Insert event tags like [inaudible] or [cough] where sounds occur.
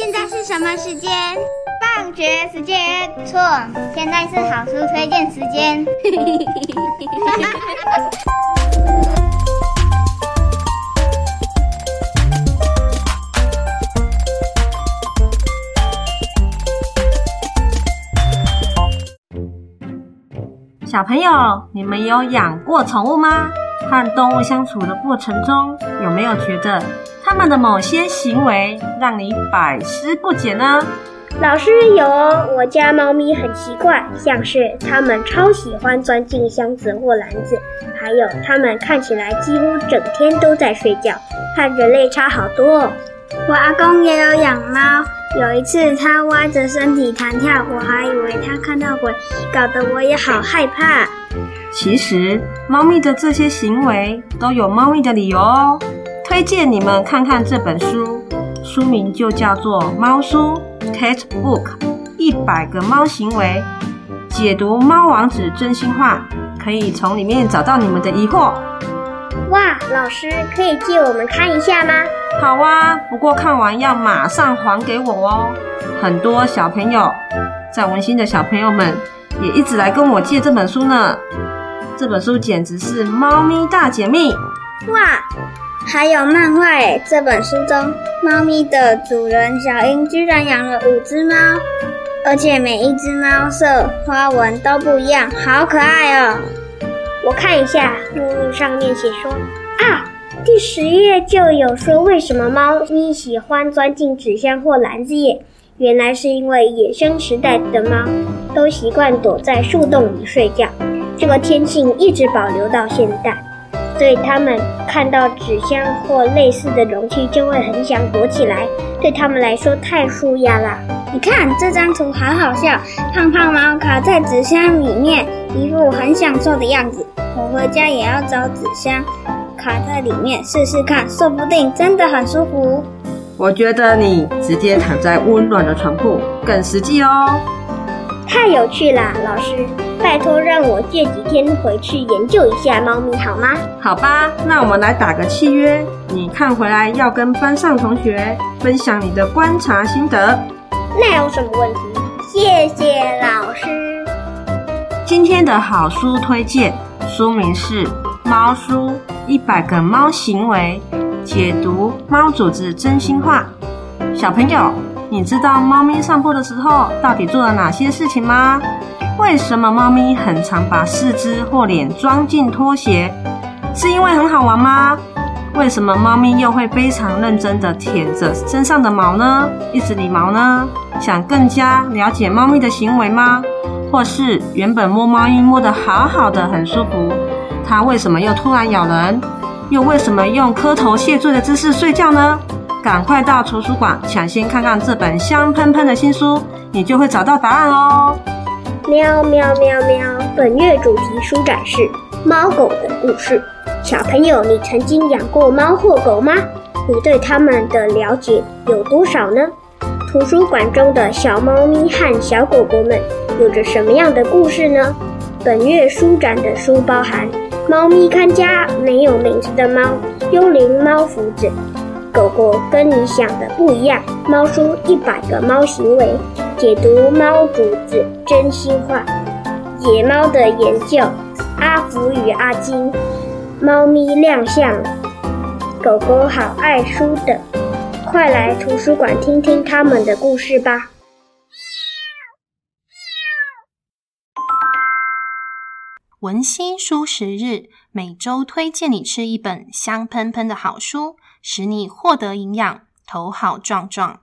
現在是什麼時間？放學時間。錯，現在是好書推薦時間。 [laughs] 小朋友，你們有養過寵物嗎？和動物相處的過程中，有沒有覺得？他們的某些行為讓你百思不解呢？老師有哦，我家貓咪很奇怪，像是它們超喜歡鑽進箱子或籃子，還有它們看起來幾乎整天都在睡覺，看人類差好多。我阿公也有養貓，有一次他歪着身體彈跳，我還以為他看到鬼，搞得我也好害怕。其實，貓咪的這些行為都有貓咪的理由哦。推薦你們看看這本書，書名就叫做《貓書 Cat Book》，一百個貓行為解讀，貓主子真心話，可以從裡面找到你們的疑惑。哇，老師可以借我們看一下嗎？好啊，不過看完要馬上還給我哦。很多小朋友，在文欣的小朋友們也一直來跟我借這本書呢。這本書簡直是貓咪大解密！哇。還有漫畫誒，這本書中，貓咪的主人小英居然養了五隻貓，而且每一隻貓色花紋都不一樣，好可愛哦！我看一下目錄上面寫說啊，第十頁就有說為什麼貓咪喜歡鑽進紙箱或籃子耶，原來是因為野生時代的貓都習慣躲在樹洞裡睡覺，這個天性一直保留到現在。所以他們看到紙箱或類似的容器就會很想躲起來，對他們來說太舒壓了。你看這張圖好好笑，胖胖貓卡在紙箱裡面，一副很享受的樣子。我回家也要找紙箱卡在裡面試試看，說不定真的很舒服。我覺得你直接躺在溫暖的床鋪更實際哦。 [laughs] [laughs] 太有趣了，老師，拜託讓我借幾天回去研究一下貓咪好嗎？好吧，那我們來打個契約。你看回來要跟班上同學分享你的觀察心得。那有什麼問題？謝謝老師。今天的好書推薦，書名是《貓書：一百個貓行為，解讀貓主子真心話》，小朋友。你知道貓咪散步的時候到底做了哪些事情嗎？為什麼貓咪很常把四肢或臉裝進拖鞋？是因為很好玩嗎？為什麼貓咪又會非常認真地舔着身上的毛呢？一直理毛呢？想更加了解貓咪的行為嗎？或是原本摸貓咪摸得好好的、很舒服，它為什麼又突然咬人？又為什麼用磕頭謝罪的姿勢睡覺呢？趕快到圖書館搶先看看這本香噴噴的新書，你就會找到答案哦！喵喵喵喵！本月主題書展是貓狗的故事。小朋友，你曾經養過貓或狗嗎？你對他們的了解有多少呢？圖書館中的小貓咪和小狗狗們有着什麼樣的故事呢？本月書展的書包含《貓咪看家》《沒有名字的貓》《幽靈貓福子》。狗狗跟你想的不一樣，《貓書一百個貓行為，解讀貓主子真心話，野貓的研究，《阿福與阿金》，貓咪亮相，狗狗好愛書的，快來圖書館聽聽他們的故事吧！文欣書食日，每周推薦你吃一本香噴噴的好書，使你獲得營養，頭好壯壯。